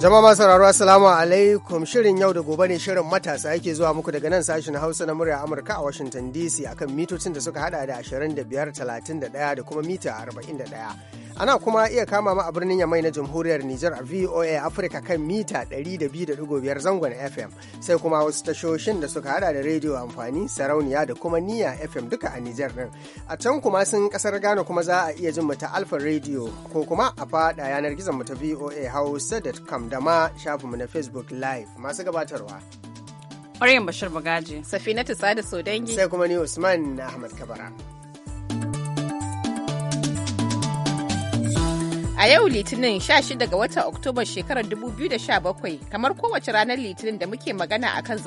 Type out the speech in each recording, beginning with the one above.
Jama'a masu raro Assalamu alaikum shirin yau da gobe ne shirin matasa yake zuwa muku daga nan sashen Hausa na murya Amurka a Washington DC akan mitocin da suka hada da 25, 31 da kuma mita 41. Ana kuma iya kama ma a birnin Yamai na Jamhuriyar Nijar a VOA Africa kan mita 102.5 zangon FM sai kuma wasu tashoshin da suka hada da rediyo amfani sarauniya da kuma niya FM duka a Nijar din. A can kuma sun kasar Ghana kuma za a iya jin mu ta Alfa Radio ko kuma a fada yanar gizon mu ta VOA Hausa.com da ma mu na Facebook Live masu gabatarwa. Maryam Bashir Bagaji. Safinatu Sada Sodangi. Sai kuma ni Usman Ahmad Kabara. A yau Litinin 16 ga watan Oktoba shekarar 2017 kamar kowace ranar Litinin da muke magana akan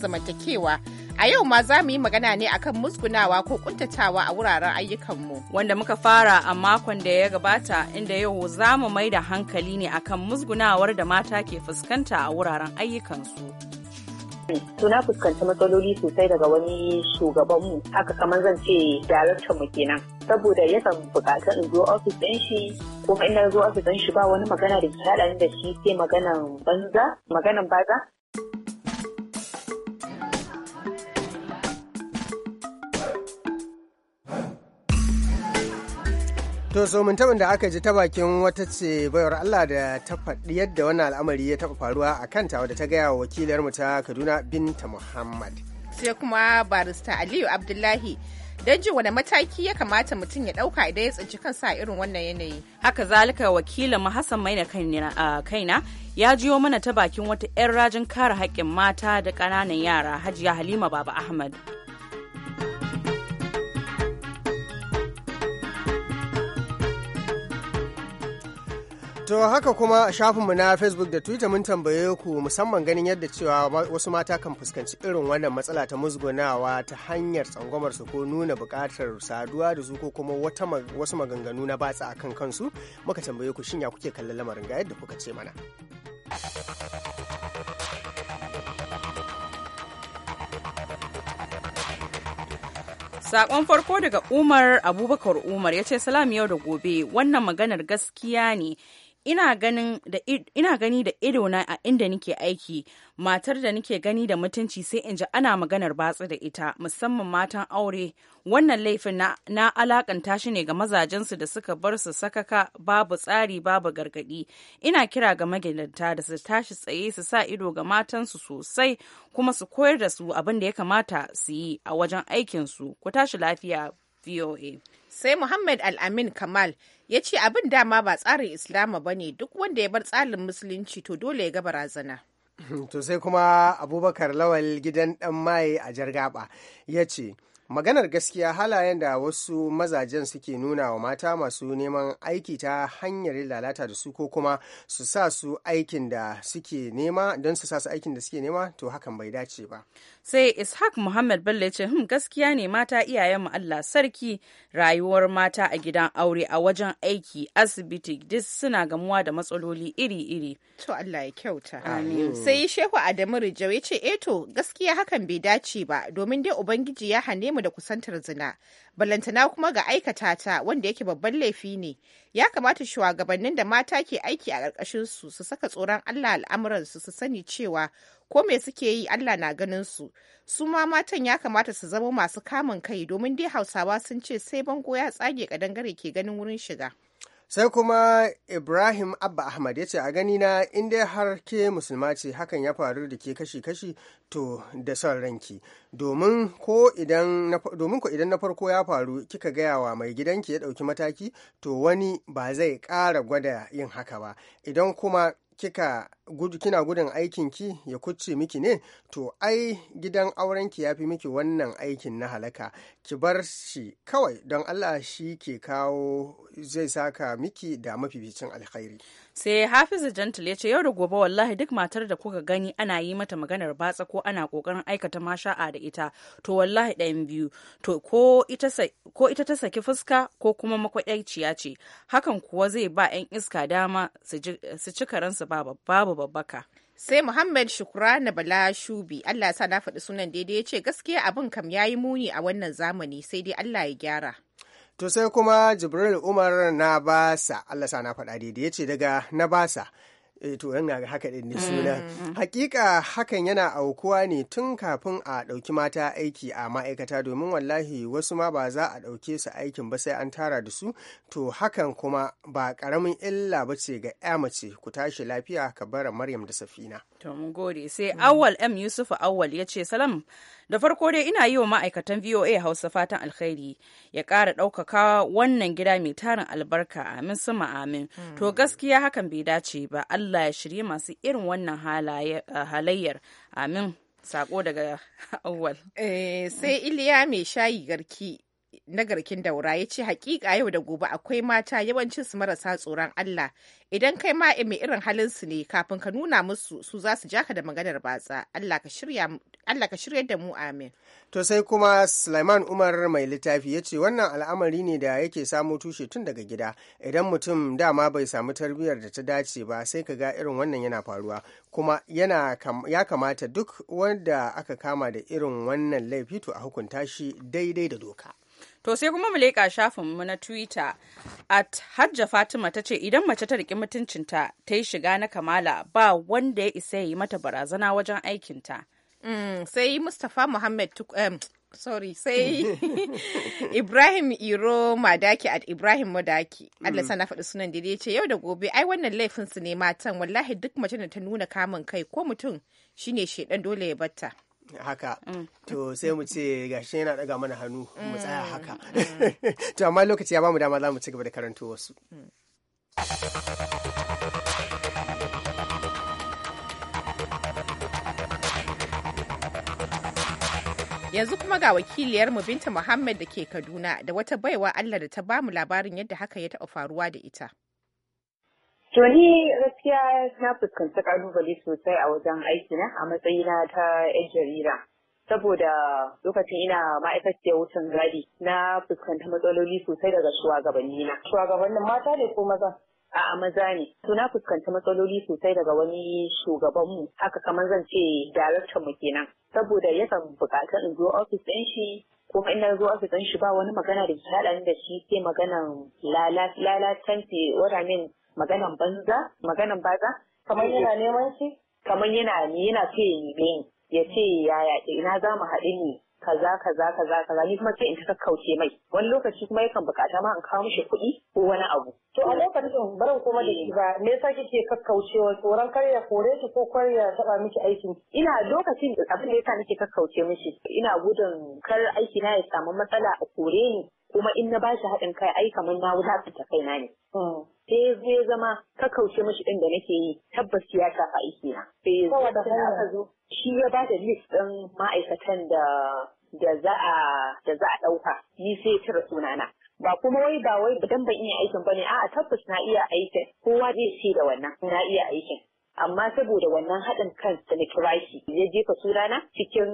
zamantakewa a yau ma za mu yi magana ne akan musgunawa ko kuntatawa a wuraren ayyukanmu. Wanda muka fara a makon da ya gabata inda yau za mu mai da hankali ne akan musgunawar da mata ke fuskanta a wuraren ayyukansu. To na fuskanci matsaloli sosai daga wani shugaban mu haka kamar zan ce daraktan mu kenan. Saboda san bukatar in zo ofis ɗin shi kuma in na zo ofis ɗin shi ba wani magana da ke haɗa da shi sai maganan banza maganan baza To so mun da aka ji ta bakin wata ce bayar Allah da ta faɗi yadda wannan al'amari ya taɓa faruwa a kanta wadda ta gaya wa mu ta Kaduna Binta Muhammad. Sai kuma barista Aliyu Abdullahi don ji wani mataki ya kamata mutum ya ɗauka idan ya tsinci kansa a irin wannan yanayi. Haka zalika wakilin Hassan Maina kaina ya jiyo mana ta bakin wata 'yan rajin kare haƙƙin mata da ƙananan yara Hajiya Halima Baba Ahmad. To haka kuma a shafinmu na Facebook da Twitter mun tambaye ku musamman ganin yadda cewa wasu mata kan fuskanci irin wannan matsala ta musgunawa ta hanyar tsangwamar su ko nuna bukatar saduwa da su ko kuma wata wasu maganganu na batsa a kan kansu muka tambaye ku shinya kuke kallon lamarin ga yadda kuka ce mana. saƙon farko daga Umar Abubakar Umar ya ce salam yau da gobe wannan maganar gaskiya ne ina gani da ido na a inda nike aiki matar da nike gani da mutunci sai in ji ana maganar batsi da ita musamman matan aure wannan laifin na, na alakanta shi ne ga mazajensu da suka bar su sakaka babu tsari babu gargadi ina kira ga magidanta da su tashi tsaye su sa ido ga matansu sosai kuma su koyar da su abin da ya kamata su yi a wajen aikinsu ku tashi lafiya voa sai muhammad al-amin kamal ya ce abin dama ba tsarin islama ba ne duk wanda ya bar tsarin musulunci to dole ya ga barazana to sai kuma abubakar lawal gidan dan mai a jargaba ya ce maganar gaskiya halayen da wasu mazajen suke nuna wa mata masu neman aiki ta hanyar lalata da su ko kuma su sa su aikin da suke nema don su sa su aikin da suke nema to hakan bai dace ba sai ishaq muhammad bello ya ce hmm, gaskiya ne mata iyayen mu allah sarki rayuwar mata a gidan aure a wajen aiki asibiti duk suna gamuwa da matsaloli iri-iri to allah ya kyauta amin sai shehu adamu rijau ya ce eto eh gaskiya hakan bai dace ba domin dai ubangiji ya hane mu mu da kusantar zina balantana kuma ga aikata ta wanda yake babban laifi ne ya kamata shugabannin da mata ke aiki a ƙarƙashin su su saka tsoron Allah al'amuran su su sani cewa ko me suke yi Allah na ganin su su ma matan ya kamata su zama masu kamun kai domin dai Hausawa sun ce sai bango ya tsage kadangare ke ganin wurin shiga sai kuma ibrahim abba ahmad ya ce a gani na in dai har ke musulma ce hakan ya faru da ke kashi-kashi to da son ranki domin ko idan na farko ya faru kika gaya wa mai gidanki ya ɗauki mataki to wani ba zai ƙara gwada yin haka ba idan kuma kika kina gudun aikin ki ya kucce miki ne to ai gidan aurenki ya fi miki wannan aikin na halaka ki bar shi kawai don Allah shi ke kawo zai saka miki da mafificin alkhairi sai hafiz gentle ya ce yau da gobe wallahi duk matar da kuka gani ana yi mata maganar batsa ko ana kokarin aikata ma sha'a da ita to wallahi ɗayan biyu to ko ita ta saki fuska ko kuma makwaɗaiciya ce hakan kuwa zai ba 'yan iska dama su ci karansu babu babbaka sai muhammad Shukrana bala shubi allah sa na faɗi sunan daidai ya ce gaskiya abin kam ya yi muni a wannan zamani sai dai allah ya gyara to sai kuma jibril umar na basa allah sa na faɗa daidai ya ce daga na basa e, to yana haka din ne mm, suna mm. hakika hakan yana aukuwa ne tun kafin a ɗauki mata aiki a ma'aikata domin wallahi wasu ma ba za a ɗauke su aikin ba sai an tara da su to hakan kuma ba ƙaramin illa ba ce ga ya mace ku tashi lafiya ka bara maryam da safina to mun gode sai awwal m yusuf awwal ya ce salam da farko dai ina yi wa ma'aikatan voa hausa fatan alkhairi ya ƙara ɗaukaka wannan gida mai tarin albarka amin sama amin hmm. to gaskiya hakan bai dace ba allah ya shirye masu irin wannan eh, halayyar amin sako daga awwal eh, sai iliya mai shayi garki na garkin daura ya ce hakika yau da gobe akwai mata yawancin su marasa tsoron Allah idan kai ma eh, mai irin halin su ne kafin ka nuna musu su za su jaka da maganar batsa Allah ka shirya Allah ka shirya da mu amin. To sai kuma Sulaiman Umar mai littafi ya ce wannan al'amari ne da yake samu tushe tun daga gida idan mutum dama bai samu tarbiyyar da ta dace ba sai ka ga irin wannan yana faruwa kuma yana ya kamata duk wanda aka kama da irin wannan laifi to a hukunta shi daidai da doka. To sai kuma mu leƙa mu na Twitter at Hajja Fatima ta ce idan mace ta riƙi mutuncinta ta yi shiga na kamala ba wanda ya isa ya yi mata barazana wajen aikinta. Mm, sai mustapha muhammad sorry sai ibrahim iro madaki at ibrahim madaki mm. allah sana faɗi sunan da ce yau da gobe ai wannan laifin su ne matan wallahi duk mace da ta nuna kamun kai ko mutum shine shedan dole ya batta haka mm. to sai mu ce gashi yana daga mana hannu mu tsaya haka to amma lokaci ya bamu dama za mu ci gaba da karanto wasu Yanzu kuma ga wakiliyarmu Binta Muhammad da ke Kaduna da wata baiwa Allah da ta bamu labarin yadda haka ya taɓa faruwa da ita. To ni gaskiya na fuskanci kalubale sosai a wajen aikina a matsayina ta 'yan jarida. saboda lokacin ina ma'aikaciyar wucin gadi na fuskanta matsaloli sosai daga shugabanni na. Shugabannin mata ne ko maza? A'a maza ne. To na fuskanci matsaloli sosai daga wani shugabanmu haka kamar zan ce daraktan mu kenan. Saboda yakan bukata in zo ofis ɗin shi kuma ina zo ofis ɗin shi ba wani magana da ke haɗa da shi sai maganan what i min maganan banza maganan baza. Kamar yana neman shi? Kamar yana yana ce ya ce yaya ina za mu haɗu ne kaza kaza kaza kaza ni kuma sai in ta kauce mai wani lokaci kuma yakan bukata ma in kawo mishi kuɗi ko wani abu to a lokacin barin kuma da shi ba me yasa kike kakkaucewa tsoron kar ya kore shi ko kar ya taba miki aikin ina lokacin abin da yasa nake kakkauce mishi ina gudun kar aiki na ya samu matsala a kore ni kuma in na ba shi haɗin kai ai kamar na kai kaina ne hmm. sai zai zama kakkauce mishi ɗin da nake yi tabbas ya shafa aiki na sai ya zo shi ya ba da list ɗin ma'aikatan da da za a da za a ɗauka ni sai cire sunana ba kuma wai ba wai dan ban iya aikin bane a'a tabbas na iya aikin kowa zai ce da wannan na iya aikin amma saboda wannan haɗin kan da na kira shi ya jefa sunana cikin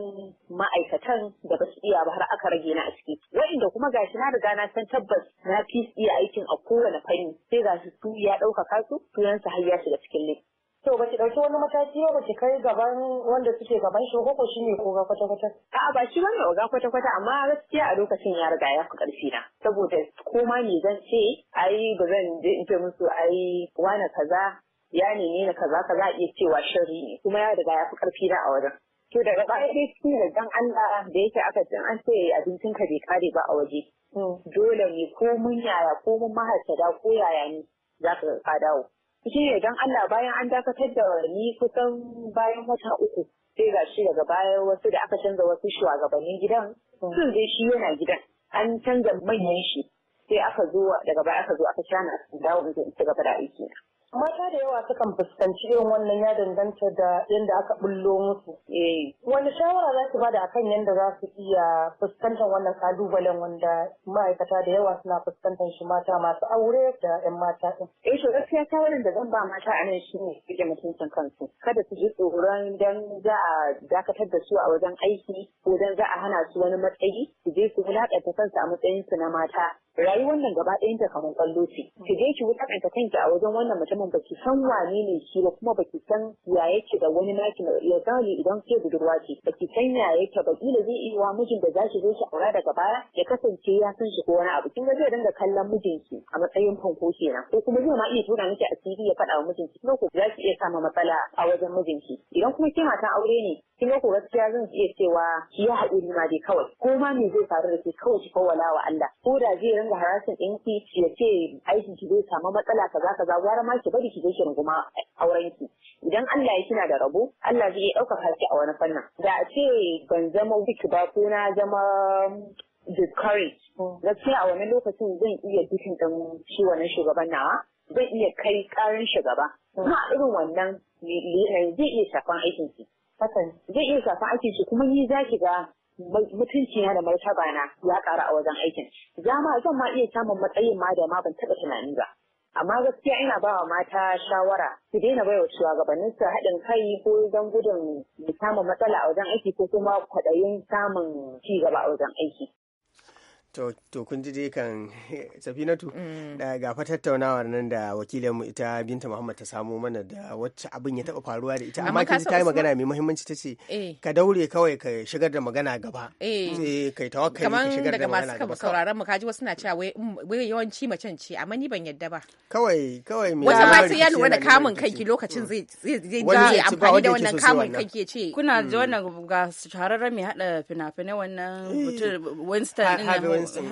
ma'aikatan da ba su iya ba har aka rage na a ciki wa'inda kuma gashi na riga na san tabbas na fi iya aikin a kowane fanni sai gashi su ya ɗaukaka su sunansa har ya shiga cikin list to ba ki dauki wani mataki ba ki kai gaban wanda suke gaban shi ko shi ne ga kwata kwata a'a ba shi bane ga kwata kwata amma gaskiya a lokacin ya riga ya fi karfi na saboda ko ma ne zan ce ai ba zan je in ce musu ai wani kaza ya ne na kaza ka kaza iya cewa shari ne kuma ya riga ya fi karfi na a wajen to daga baya dai shi ne dan Allah da yake aka tun an ce abincin ka bai kare ba a waje hmm. dole ne ko mun yaya ko mun mahasada ko yaya ne za ka dawo shi ne don Allah bayan an dakatar da ni kusan bayan wata uku sai ga shi daga baya wasu da aka canza wasu shugabannin gidan sun dai shi yana gidan an canza manyan shi sai aka zo daga baya aka zo aka shana dawo in ci gaba da aiki mata da yawa sukan fuskanci irin wannan ya danganta da yadda aka bullo musu eh. wani shawara za su bada akan yadda za su iya fuskantar wannan kalubalen wanda ma'aikata da yawa suna fuskantar shi mata masu aure da yan mata ɗin. eh to gaskiya shawaran da zan ba mata a nan ne, su mutuncin kansu kada su ji tsoron dan za a dakatar da su a wajen aiki ko dan za a hana su wani matsayi su je su wulaƙanta kansu a matsayinsu na mata rayuwar nan gaba ta kamar kallo ce ki je ki wulaƙanta kanki a wajen wannan mutumin mutumin baki san wane ne shi ba kuma baki san ya yake da wani naki ya zali idan ke budurwa ce baki san ya yake ba kila zai iya wa mijin da zaki zo shi aura daga baya ya kasance ya san shi ko wani abu kin ga zai dinga kallon mijin mijinki a matsayin fanko kenan ko kuma zai ma iya tura miki asiri ya faɗa wa mijin mijinki ko ku zaki iya samu matsala a wajen mijin mijinki idan kuma ke matan aure ne kin ga gaskiya zan iya cewa ya haɗu haƙuri ma dai kawai ko ma me zai faru da ke kawai ki kawala wa Allah ko da zai ringa harasin ɗinki ki ya ce aiki ki zai samu matsala kaza kaza gwara ma ki bari ki je ki runguma auren ki idan Allah ya kina da rabo Allah zai iya ɗaukaka ki a wani fannin da a ce ban zama wiki ba ko na zama discouraged gaskiya a wani lokacin zan iya dukin ɗan shi wannan shugaban nawa zan iya kai ƙarin shugaba kuma irin wannan zai iya shafan aikin ki hakan zai iya safa aikin shi kuma ni za ki ga mutunci na da martaba na ya ƙara a wajen aikin za ma zan ma iya samun matsayin ma da ma ban taɓa tunani ba amma gaskiya ina ba wa mata shawara su daina bai wa shugabannin su haɗin kai ko don gudun samun matsala a wajen aiki ko kuma kwaɗayin samun ci gaba a wajen aiki to kun ji kan safinatu da mm. eh, gafa tattaunawa nan da wakilinmu ita binta muhammad ta samo mana da wacce abin ya taba faruwa da ita amma kin ta yi magana mai muhimmanci ta ce eh. ka daure kawai ka shigar da magana gaba eh kai tawakkali ka shigar da magana gaba kamar daga masu sauraron mu kaji wasu na cewa mm, wai yawanci macen ce amma ni ban yadda ba kawai kawai mai wata ma sai ya lura da kamun kanki lokacin mm. zai zai zai amfani da wannan kamun kanki ya ce kuna ji wannan ga shahararren mai hada fina-finai wannan eh. Winston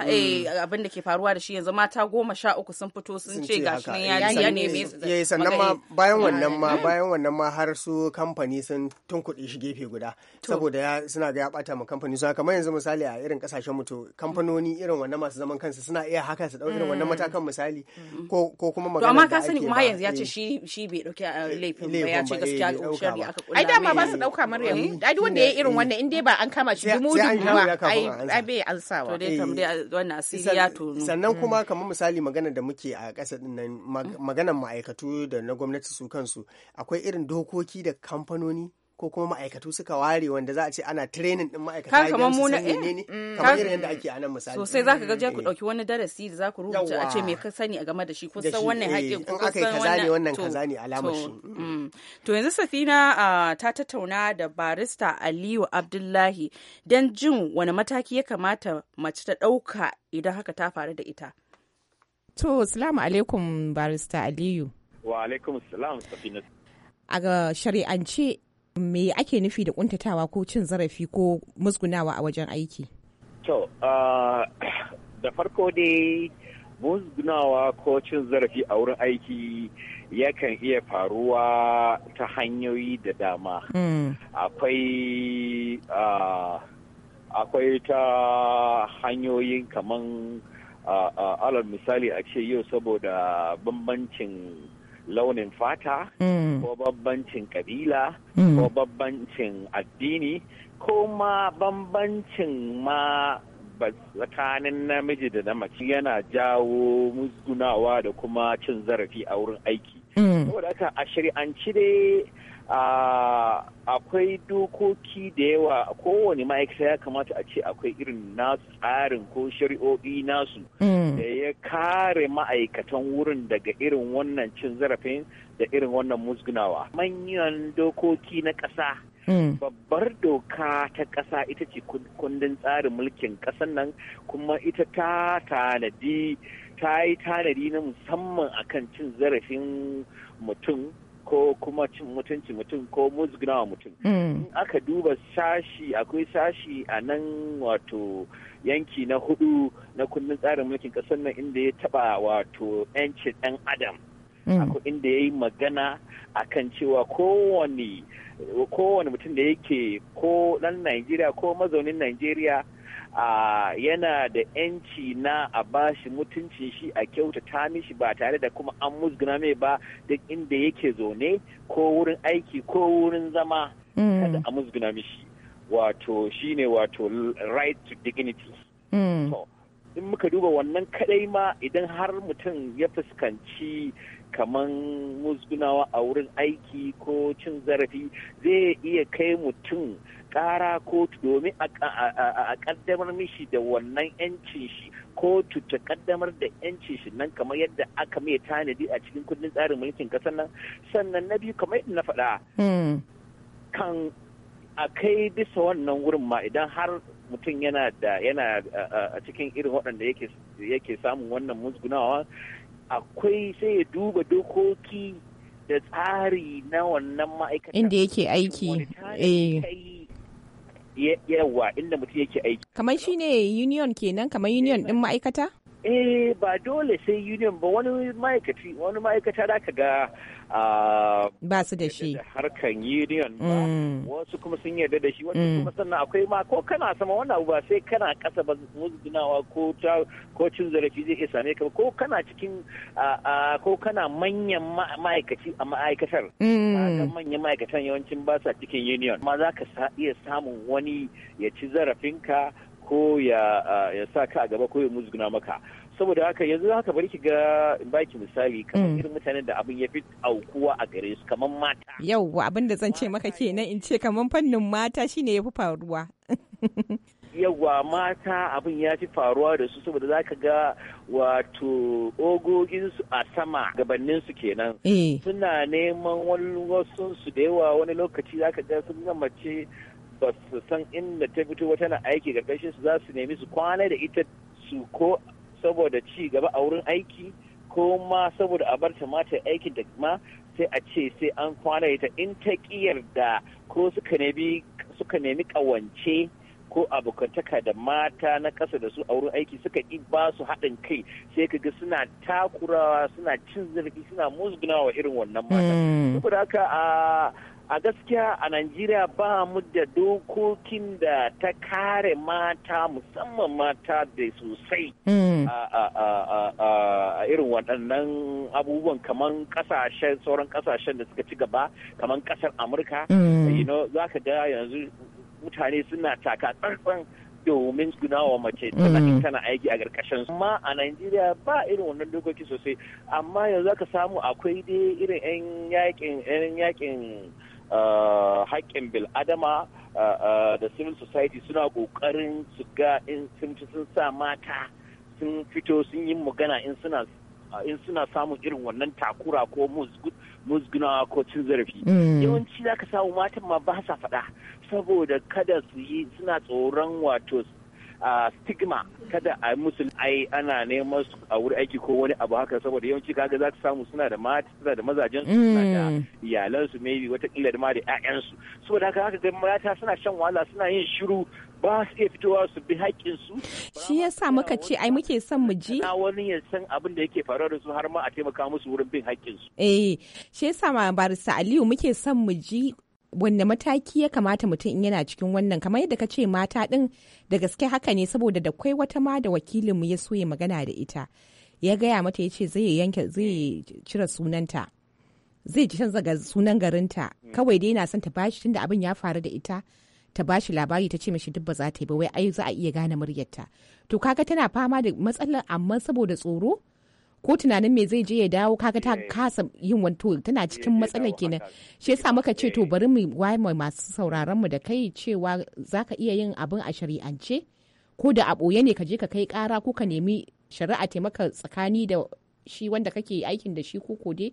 Eh, abin da ke faruwa da shi yanzu mata goma sha uku sun fito sun ce gashi shi eh, ya ya neme su sannan ma bayan wannan ma bayan wannan ma har su kamfani sun tunkuɗe shi gefe guda saboda ya suna ga ya bata ma kamfani su kamar yanzu misali a irin kasashen mutu kamfanoni irin wannan masu zaman kansu suna iya haka su dau irin wannan mm. matakan misali mm. ko ko kuma magana to amma ka sani kuma yanzu ya ce eh. shi shi bai dauki laifin ba ya ce gaskiya shari aka kula ai dama ba su dauka maryam ai duk wanda ya irin wannan in dai ba an kama shi dumu dumu ba ai bai ansawa to dai dai wannan asiri tono sannan mm. kuma kamar misali magana da muke a ƙasa din maganan ma'aikatu da na gwamnati su kansu akwai irin dokoki da kamfanoni ko kuma ma'aikatu suka ware wanda za a ce ana training din ma'aikata eh, kamar mu na ne kamar irin yadda ake a nan misali sosai za ka ga ku dauki eh. wani darasi da za ku rubuta a ce me ka sani a game da shi ko san wannan eh, haƙin ko san wannan wannan kaza ne alamar shi mm. Mm. to yanzu Safina ah, ta tattauna da barista Aliyu Abdullahi dan jin wani mataki ya kamata mace ta dauka idan haka ta faru da ita to assalamu alaikum barista Aliyu wa alaikum assalam Safina a ga shari'ance me ake nufi da kuntatawa ko cin zarafi ko musgunawa a wajen aiki to da farko dai musgunawa ko cin zarafi a wurin aiki yakan iya faruwa ta hanyoyi da dama hmm. akwai akwai ta hanyoyin kaman alal misali a ce yau saboda bambancin launin fata mm. ko bambancin kabila mm. ko bambancin addini ko ma bambancin ma tsakanin namiji da na mace yana jawo musgunawa da kuma cin zarafi a wurin aiki. Mm. Saboda haka a shari'anci dai akwai dokoki da yawa a kowane ma'aikata ya kamata a ce akwai irin nasu tsarin ko shari'o'i nasu mm. da ya kare ma'aikatan wurin daga irin wannan cin zarafin da irin wannan musgunawa manyan dokoki na ƙasa mm. babbar doka ta ƙasa ita ce kundin tsarin mulkin ƙasan nan kuma ita ta tanadi ta yi tanadi na musamman akan cin zarafin mutum ko kuma cin mutunci mutum ko wa mutum hmm. in aka duba sashi akwai sashi a nan wato yanki na hudu na kundin tsarin mulkin kasar nan inda ya taba wato 'yancin ɗan adam hmm. akwai inda ya yi magana a kan cewa kowane kowane mutum da yake ko ɗan najeriya ko mazaunin najeriya a yana da yanci na a bashi mutuncin shi a kyautata mishi ba tare da kuma an musguna mai ba duk inda yake zaune ko wurin aiki ko wurin zama mm. kada a musguna mishi wato shi ne wato right to dignity mm. in muka duba wannan kadai ma idan har mutum ya fuskanci kaman musgunawa a wurin aiki ko cin zarafi zai iya kai mutum kara kotu domin a kaddamar mishi da wannan yancin shi kotu ta kaddamar da yancin shi nan kamar yadda aka mai tanadi a cikin kundin tsarin mulkin kasar nan sannan na biyu kamar na faɗa hmm. kan a kai bisa wannan wurin ma idan har mutum yana da yana a cikin irin waɗanda yake samun wannan musgunawa akwai sai ya duba dokoki da tsari na wannan ma'aikata inda yake aiki eh yawa inda mutum yake aiki. Kamar shi ne union kenan kamar union eh, ɗin ma'aikata? eh ba dole sai union ba wani ma'aikaci wani ma'aikata da aka ga ah, ba su da shi harkan union ba mm. wasu kuma sun yarda da shi wasu mm. kuma sannan akwai ma ko kana sama wannan abu ba sai kana kasa ba musgunawa ko ta ko cin zarafi zai ke same ka ko kana cikin ah, ah, ko kana manyan ma'aikaci a ma'aikatar mm. manyan ma'aikatan yawancin ba sa cikin union ma za ka iya samun wani ya ci zarafinka ko ya sa ka a gaba ko ya muzguna maka saboda haka yanzu haka bari ki ga baki misali kamar mm. irin mutanen da abin ya fi aukuwa a gare su kamar mata yauwa abin da zan ce maka kenan in ce kamar fannin mata shine ya fi faruwa yawa mata abin ya fi faruwa da su saboda za ka ga wato ogoginsu a sama gabaninsu kenan eh. suna neman wani wasu su da yawa wani lokaci za ka ga sun mace ba su san inda ta fito wata na aiki karkashin su za su nemi su kwana da ita su ko saboda ci gaba a wurin aiki ko ma saboda a bar ta mata aikin da ma sai a ce sai an kwana ita in ta ƙiyar da ko suka nemi ƙawance ko abokantaka da mata na ƙasa da su a wurin aiki suka ƙi ba su haɗin kai sai ka ga suna takurawa suna cin zarafi suna musgunawa irin wannan mata. Hmm. Saboda haka a ah, a gaskiya a najeriya ba mu da dokokin da ta kare mata musamman mata da sosai hmm. a irin waɗannan abubuwan kamar ƙasashen sauran ƙasashen da suka ci gaba kamar ƙasar amurka hmm. za ka ga yanzu mutane suna taka tsantsan domin wa mace tana hmm. tana aiki a ƙarƙashin amma a Najeriya ba irin wannan dokoki sosai amma yanzu aka samu akwai dai irin 'yan yakin 'yan yakin Uh, haƙƙin bil'adama uh, uh, da civil society suna ƙoƙarin su ga in sun sun sa mata sun fito sun yi magana in suna in suna samun irin wannan takura ko musgunawa ko cin zarafi mm. yawanci za ka samu matan ma ba sa faɗa saboda kada su yi suna tsoron wato stigma kada a yi musu ai ana neman su a wuri aiki ko wani abu haka saboda yawanci kaga za ka samu suna da mata suna da mazajen su suna da mm. iyalan su maybe kila da ma da ƴaƴan su saboda haka haka ga mata suna shan wahala suna yin shiru ba su iya fitowa su bi haƙƙin su shi yasa muka ce ai muke son mu ji na wani ya san abin da yake faruwa da su har ma a taimaka musu wurin bin haƙƙin su eh shi yasa ma barista Aliyu muke son mu ji wanne mataki ya kamata mutum in yana cikin wannan kamar yadda ka ce mata ɗin da gaske haka ne saboda da kwai wata ma da wakilinmu ya so ya magana da ita ya gaya mata ya ce zai yanke zai cire sunanta zai ci canza sunan garinta kawai dai yana son ta bashi tunda abin ya faru da ita ta bashi labari ta ce mishi duk ba za ta yi ba wai ai za a iya gane muryarta to kaga tana fama da matsalar amma saboda tsoro ko tunanin me zai je ya dawo kaga ta kasa yin wato tana cikin matsala kenan shi yasa muka ce to bari mu waye masu sauraron mu da kai cewa zaka iya yin abin a shari'ance ko da a boye ne ka je ka kai kara ko ka nemi shari'a taimaka tsakani da shi wanda kake aikin da shi ko dai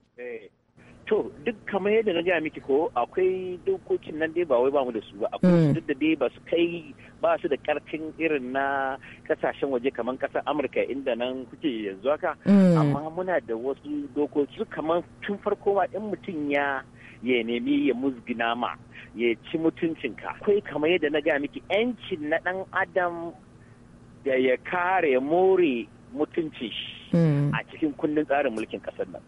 to duk kamar yadda na gaya miki ko akwai dokokin nan dai ba wai bamu da su ba akwai mm. duk da dai ba su kai ba su da karfin irin na kasashen waje kamar kasar amurka inda nan kuke yanzu haka mm. amma muna da wasu dokoki kamar tun farko ma in mutum ya ya nemi ya musgina ma ya ci mutuncinka akwai kamar yadda na gaya miki yancin na dan adam da ya kare more mutuncin shi mm. a cikin kundin tsarin mulkin kasar nan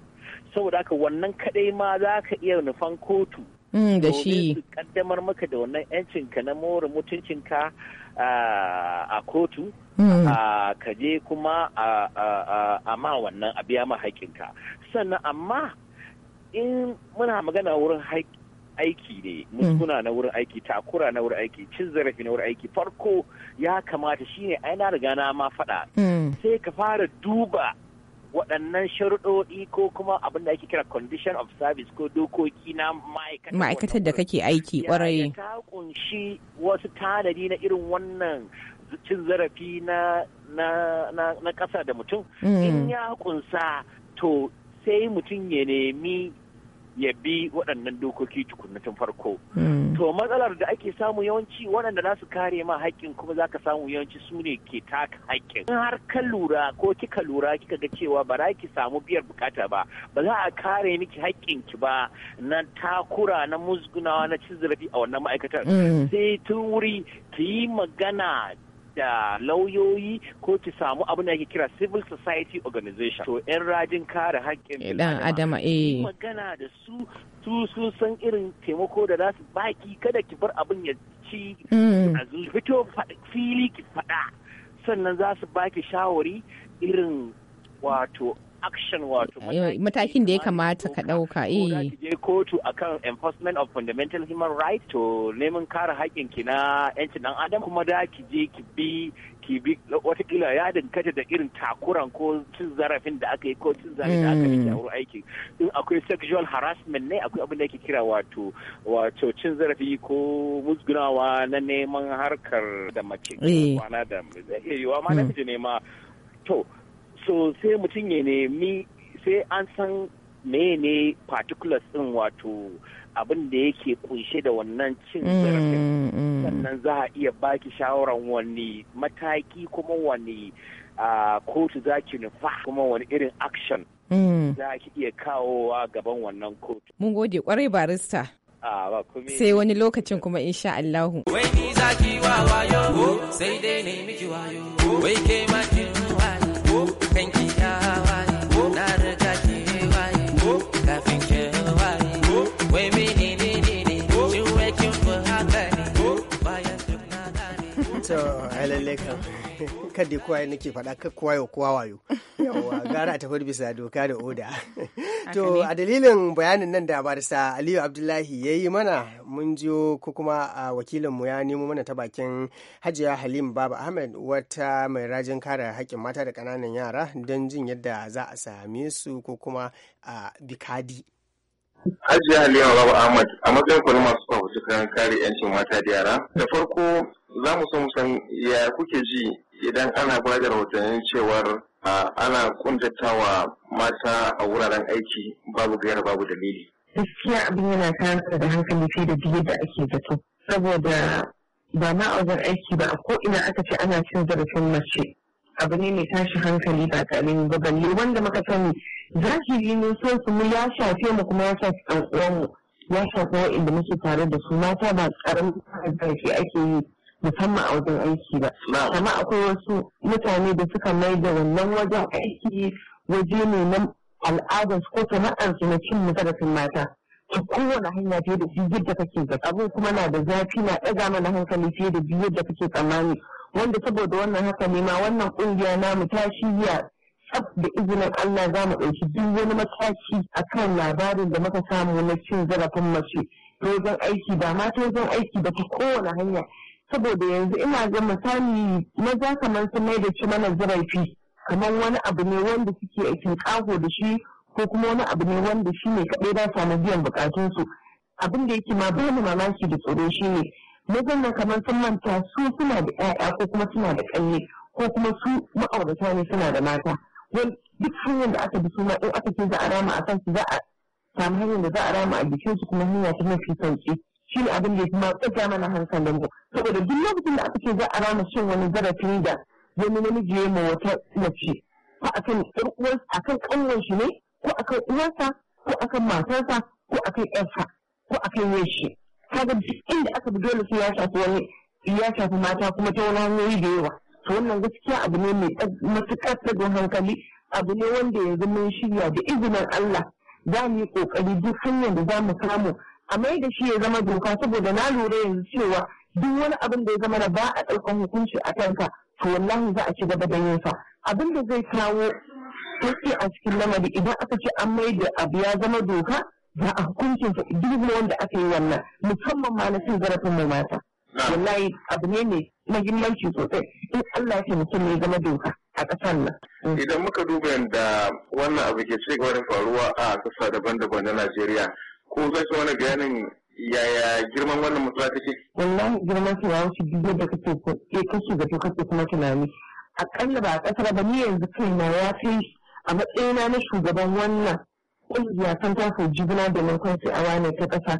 saboda haka wannan kadai ma za ka iya nufan kotu mm, da shi kaddamar maka da wannan yancinka na more mutuncinka a kotu mm. ka je kuma a ma wannan a biya ma haƙinka sannan amma in muna magana wurin aiki ne muskuna mm. na wurin aiki takura na wurin aiki cin zarafi na wurin aiki farko ya kamata shine ai na riga na ma faɗa sai ka fara duba waɗannan sharuɗoɗi ko kuma abin da ake kira condition of service ko dokoki na ma'aikatar da kake aiki ƙwarai ta ƙunshi wasu tanadi na irin wannan cin zarafi na ƙasa da mutum mm. in ya ƙunsa to sai mutum ya nemi ya bi waɗannan dokoki tukunna tun farko. Hmm. To matsalar da ake samu yawanci waɗanda za su kare ma haƙƙin kuma za ka samu yawanci su ne ke taka haƙƙin. In har ka lura ko kika lura kika ga cewa ba za ki samu biyar bukata ba ba za a kare miki haƙƙin ki ba na takura na musgunawa na cin zarafi a wannan ma'aikatar. Hmm. Sai tun wuri ki yi magana da lauyoyi ko ki samu abin da ake kira civil society organization to yan rajin kare haƙƙin dan eh, adama eh magana da su su sun san irin taimako da za su baki kada ki bar abin ya ci mm. a fito fili ki faɗa sannan za su baki shawari irin wato action wato eh, matakin da ya kamata ka dauka eh je kotu akan enforcement of fundamental human rights to neman kare haƙƙin ki na yancin dan adam kuma da ki je ki bi ki bi watakila ya dinkata da irin takuran ko cin zarafin da aka yi ko cin zarafin da aka yi mm. a wurin aiki in akwai sexual harassment ne akwai abin da yake kira wato wato cin zarafi ko musgunawa na neman harkar da mace eh. kwana da zai iya yiwa ma na ne ma to so sai mutum ya nemi sai an san mene particulars din wato abin da yake kunshe da wannan cin mm, zarafin mm. sannan za a iya baki shawaran wani mataki kuma wani kotu za ki nufa kuma wani irin action mm. za ki iya kawowa gaban wannan kotu. Mun gode kwarai barista. Sai wani lokacin kuma insha Allahu. Wai ni zaki wa wayo, sai dai ne miki wayo, wai ke makin kafin ki yawa na riga ki waye kafin ki waye wai mene ne ne ne shin wai bayan duk na kada kowa nake faɗa ka kowa yau wayo yawa gara a tafi bisa doka da oda to a dalilin bayanin nan da barisa aliyu abdullahi ya yi mana mun jiyo ko kuma a wakilinmu ya nemo mana ta bakin hajiya halim baba ahmed wata mai rajin kare haƙƙin mata da ƙananan yara don jin yadda za a same su ko kuma a bikadi Hajiya Halima Baba Ahmad a matsayin masu kawo kayan kare 'yancin mata da yara. Da farko za mu so mu san ya kuke ji idan ana ba da rahotannin cewar ana kuntatawa mata a wuraren aiki babu gayar babu dalili. Gaskiya abin yana kansa da hankali fiye da biyu da ake zato. Saboda ba na wajen aiki ba a ina aka ce ana cin zarafin mace. Abu ne mai tashi hankali ba kalin ba balle wanda muka sani zahiri ne so su mu ya shafe mu kuma ya shafi ɗan ya shafi wa'inda muke tare da su mata ba ƙaramin zarafi ake yi musamman a wajen aiki ba amma akwai wasu mutane da suka mai da wannan wajen aiki waje ne na al'adar ko sana'ar su na cin mata ta kowane hanya fiye da yadda kake ga abin kuma na da zafi na ɗaga mana hankali fiye da biyu yadda kake tsammani wanda saboda wannan haka ne ma wannan ƙungiya namu ta shirya tsaf da izinin Allah za mu ɗauki duk wani mataki akan labarin da muka samu na cin zarafin mace ta wajen aiki ba ma ta wajen aiki ba ta kowane hanya saboda yanzu ina ga misali maza kamar su mai da shi mana zurafi kamar wani abu ne wanda suke aikin kago da shi ko kuma wani abu ne wanda shi ne kaɗai ba samu biyan bukatunsu abin da yake ma ba ni mamaki da tsoro shi ne mazan nan kamar sun manta su suna da ƴaƴa ko kuma suna da ƙanye ko kuma su ma'aurata ne suna da mata duk hanyar da aka bi su ma in aka ce za a rama a kansu za a samu hanyar da za a rama a jikinsu kuma hanya ta mafi sauki shi abin da ya kuma tsaka mana hankalin mu saboda duk lokacin da aka ce za a rana shin wani zarafin da wani namiji ya ma wata mace ko akan ƴar uwarsa akan kanwar shi ne ko akan uwansa ko akan matarsa ko akan ƴarsa ko akan yashi kaga duk inda aka bi dole sai ya shafi wani ya shafi mata kuma ta wani hanyoyi da yawa to wannan gaskiya abu ne mai matuƙar tsagon hankali abu ne wanda yanzu mun shirya da izinin Allah za mu yi ƙoƙari duk hanyar da za mu samu a mai da shi ya zama doka saboda na lura yanzu cewa duk wani abin da ya zama da ba a ɗaukan hukunci a kanka to wallahi za a ci gaba da yin abin da zai kawo sauki a cikin lamari idan aka ce an mai da abu ya zama doka za a hukuncin sa duk wanda aka yi wannan musamman ma na cin zarafin mai mata wallahi abu ne mai mahimmanci sosai in Allah ya mutum ne zama doka a ƙasar nan. Mm. Idan muka duba yadda wannan abu ke ci da faruwa a ƙasa daban-daban na Najeriya ko zai so wani bayanin yaya girman wannan mutuwa take wallahi girman su ya wuce duk yadda kake ko ke kashi da kake kuma tunani akalla ba a kasar ba ni yanzu kai na ya fi a matsayina na shugaban wannan kungiya san ta so jibina da lantarki a wane ta kasa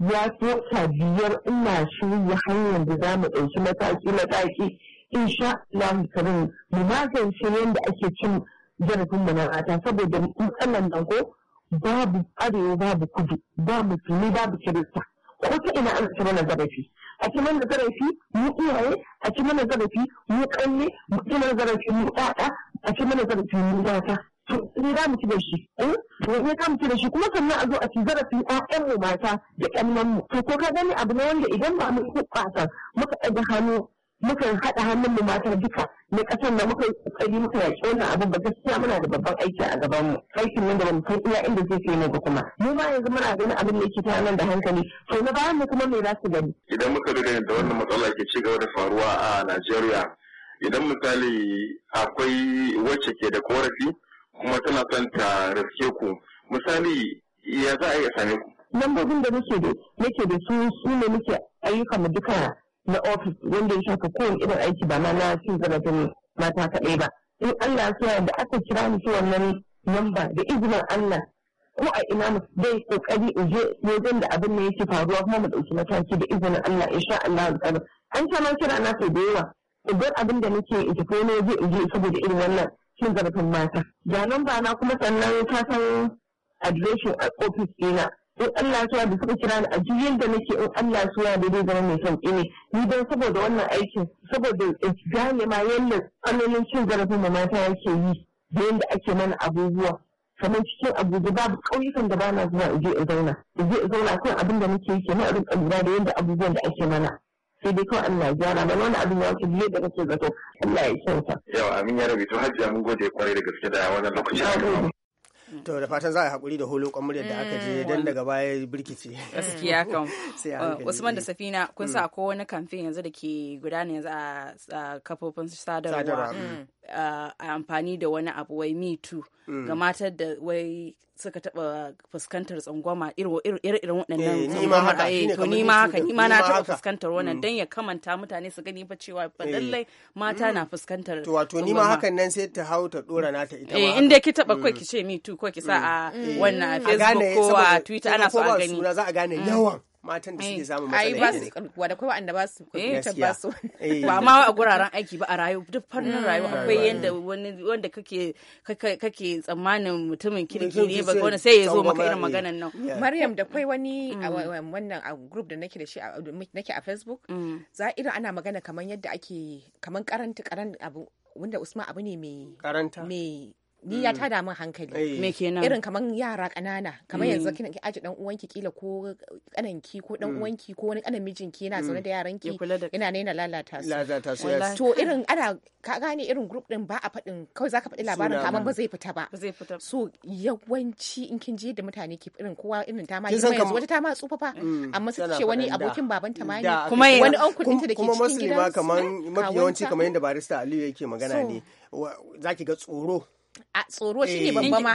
ya fi wata biyar ina ya hanyar da za mu ɗauki mataki mataki insha Allah karim mu magance yadda ake cin zarafin mu na saboda matsalan nan ko babu arewa babu kudu ba musulmi babu kirista ko ta ina an ci mana zarafi a ci mana zarafi mu iyaye a ci mana zarafi mu kalle mu ci mana zarafi mu ɗaɗa a ci mana zarafi mu mata to ni za mu ci da shi eh ne za mu ci da shi kuma sannan a zo a ci zarafin ƴaƴan mu mata da ƙannan mu to ko ka gani abu ne wanda idan ba mu kuɓata muka ɗaga hannu muka haɗa hannun mu mata duka na kasar da muka tsari muka yaki wannan abin ba gaskiya muna da babban aiki a gaban mu aikin nan da ba mu san iya inda zai kai mu ba kuma mu ba yanzu muna gani abin da yake ta nan da hankali to na bayan mu kuma me za su gani idan muka lura da wannan matsala ke ci gaba da faruwa a Najeriya idan misali akwai wacce ke da korafi kuma tana son ta riske ku misali ya za a iya same ku lambobin da nake da nake da su su ne muke ayyukan mu duka na ofis wanda ya shafa kowane irin aiki ba ma na cin zarafin mata kaɗai ba in Allah ya da aka kira mu wannan lamba da izinin Allah ko a ina mu dai kokari in je wajen da abin ne yake faruwa kuma mu dauki mataki da izinin Allah sha Allah tsaro. an ta ma kira na sau da yawa idan abin da nake in tafi ne je in je saboda irin wannan cin zarafin mata ga lamba na kuma sannan ta san adireshin a ofis ɗina in Allah suwa da suka kira ni a duk yadda nake in Allah suwa da zai zama mai sauƙi ne ni don saboda wannan aikin saboda gane ma yadda tsananin cin zarafin da mata yake yi da yadda ake mana abubuwa kamar cikin abubuwa babu ƙauyukan da bana zuwa in je in zauna in je in zauna kan abin da muke yi kenan a rinka lura da yadda abubuwan da ake mana sai dai kawai Allah ya gyara mana wani abin ya wuce biye da kake zato Allah ya kyauta. Yawa amin ya rabi to hajjiya mun gode kwarai da gaske da wannan lokacin. to da fatan za a yi hakuri da holo muryar da aka je mm. don daga baya birkice gaskiya kan uh, usman da safina kun sa mm. ko wani kamfen yanzu da ke gudana yanzu a kafofin sadarwa mm. a amfani da wani abu wai me too ga mm. matar da wai suka taba fuskantar tsangwama irin waɗannan tsangwama eh, to ni ma haka eh, ni ma na taba fuskantar wannan mm. dan ya kamanta mutane su gani fa cewa fa eh. lallai mata na mm. fuskantar to wato ni ma hakan nan sai ta hau ta dora ta ita ma inda ki taba kai ki ce me too ko ki sa a wannan a Facebook ko a Twitter ana so a gani za a gane yawan matan da suke eh, samun matsala ba su wanda kai wanda ba su kwamfuta ba su ba ma a guraren aiki ba a rayu duk fannin mm. rayuwa akwai yanda wani wanda kake kake tsammanin mutumin kirki ne ba wani sai ya zo maka irin eh, maganan nan Maryam da kai wani mm. wannan a group da nake da shi nake a Facebook mm. za irin ana magana kamar yadda ake kamar karanta karanta abu wanda Usman abu ne mai karanta mai ni ya mm. tada min hankali me kenan irin kaman yara kanana kamar yanzu mm. kina ki aji dan uwanki kila ko kananki ko dan mm. uwanki ko wani kanan mijinki yana zaune da yaranki ina ne na lalata su lalata su to irin ana ka gane irin group din ba a faɗin kawai zaka faɗi labarin ka amma ba zai fita ba so yawanci in kin je da mutane ki irin kowa irin ta ma yanzu wata ta ma tsufafa amma su ce wani abokin baban ta ma ne kuma wani an kudin ta da ke cikin gidan kuma musulma kaman mafi yawanci kamar yadda barista Aliyu yake magana ne zaki ga tsoro a tsoro shine eh, babba ma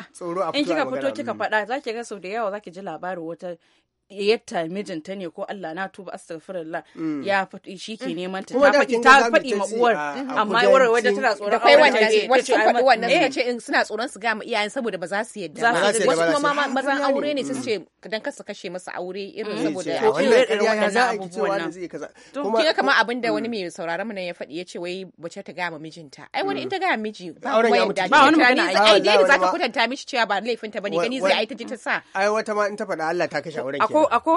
in kika fito kika faɗa zaki ga sau da yawa za ji labarin wata yatta mijinta ne ko Allah na tuba astaghfirullah mm. ya faɗi shi ke mm. neman ta ta faɗi ma uwar amma uwar wadda tana tsoron akwai wanda wacce fadi wannan suka mm. ce suna tsoron su ga ma iyayen saboda ba za su yadda ba wasu kuma mazan aure ne su ce dan kasa kashe masa aure irin eh, saboda irin wannan abubuwan to kin ga kamar abinda wani mai sauraron mu nan ya faɗi ya ce wai wacce ta ga ma mijinta ai wani in ta ga miji ba wani wanda ba wani magana ai dai za ta kwatanta mishi cewa ba ta bane gani zai ai ta ji ta sa ai wata ma in ta fada Allah ta kashe auren ke akwai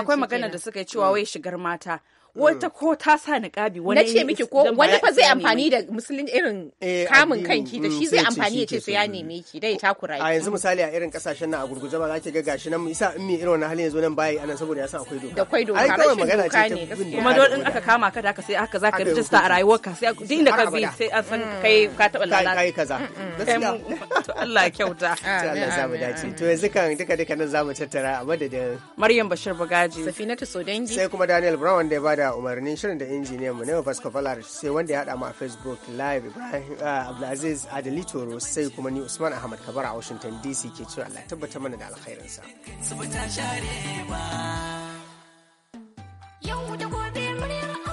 wani magana da suka yi cewa mm. wai shigar mata wata mm. ko ta sa niqabi wani ce miki ko wani fa zai amfani da musulun irin eh, kamun kanki da shi zai amfani ya ce sai ya neme ki dai takura a yanzu misali a irin kasashen na a gurguje ba zaki ga gashi nan isa in me irin wannan halin yanzu nan bayi anan saboda ya san akwai doka da kwai doka rashin magana ce ta kuma dole in aka kama ka da haka sai aka zaka rijista a rayuwarka sai duk inda ka bi sai an san mm. kai ka taba lalata kai kaza mm, to Allah kyauta Allah ya mu dace to yanzu kan duka duka nan zamu tattara a madadin Maryam Bashir Bagaji Safinatu Sodangi sai kuma Daniel Brown da ya bada da umarnin shirin da injiniyan mu Nemo Vasco Valar sai wanda ya hada mu a Facebook Live Ibrahim ah, Abdulaziz adalitoro sai kuma ni Usman Ahmad Kabar a Washington DC ke cewa Allah tabbata mana da alkhairinsa. Yau da